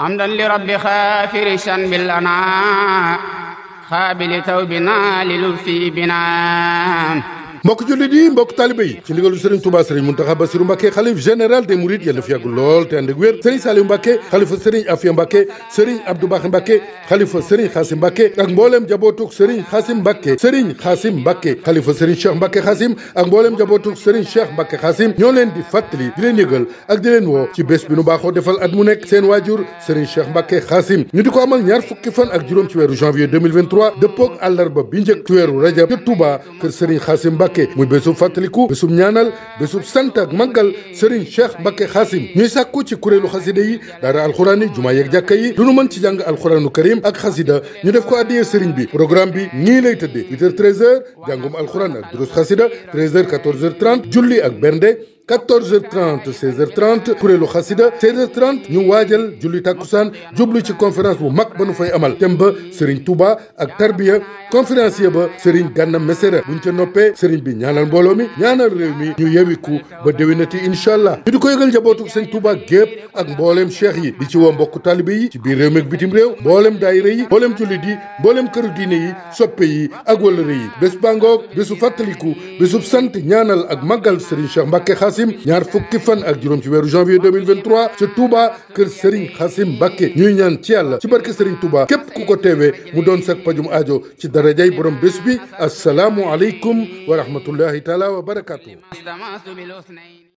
حمدا لرب خافر شن بالأنعام خابل توبنا للفي بنا mbokk jullit yi mbokk taalibé yi ci ndigalu sëriñ Touba sëriñ Mountakha Bassirou Mbacké xalif général des Mourides yàlla fi yàgg lool te ànd ak wér sëriñ Saliou Mbacké xalifa sëriñ Afia Mbacké sëriñ Abdou Bakh Mbacké xalifa sëriñ Xaasim Mbacké ak mbooleem jabootug sëriñ Xaasim Mbacké sëriñ Xaasim Mbacké xalifa sëriñ Cheikh Mbacké Xaasim ak mbooleem jabootug sëriñ Cheikh Mbacké Xaasim ñoo leen di fàttali di leen yëgal ak di woo ci bés bi nu baaxoo defal at mu nekk seen waajur sëriñ Cheikh Mbacké Xaasim ñu di ko amal ñaar fukki fan ak juróom ci weeru janvier 2023 dëppoog àllarba bi njëkk ci weeru Mbacke muy bésub fàttaliku bésub ñaanal bésub sant ak màggal Serigne Cheikh Mbacke Xaasim ñuy sàkku ci kuréelu xasida yi daara alxuraan yi jumaa yeeg jàkka yi lu nu mën ci jàng alxuraanu karim ak xasida ñu def ko addiyee Serigne bi programme bi ñii lay tëddee 8h 13h jàngum alxuraan ak durus xasida 13h 14h30 julli ak bernde 14h30 16h30 kuréelu xasida 16h30 ñu waajal julli takkusaan jublu ci conférence bu mag ba nu fay amal thème ba Serigne Touba ak tarbiya conférencier ba Serigne Gana Messere buñ ca noppee Serigne bi ñaanal mbooloo mi ñaanal réew mi ñu yewiku ba déwénati incha allah ñu di ko yëgal njabootu Serigne Touba gépp ak mbooleem cheikh yi bi ci woo mbokk talibe yi ci biir réew mi ak bitim réew mbooleem daayira yi mbooleem jullit yi mbooleem këru diine yi soppe yi ak wëllëre yi bés bangoog fàttaliku bésu sant ñaanal ak màggal Serigne Cheikh Mbacke Xasim ñaar fukki fan ak juróom ci weeru janvier 2023 ca Touba kër Serigne Xasim Mbacke ñuy ñaan ci yàlla ci barke Serigne Touba képp ku ko teewee mu doon sag pajum aajo ci darajay borom bés bi asalaamu aleykum wa rahmatullahi taala wa barakaatu.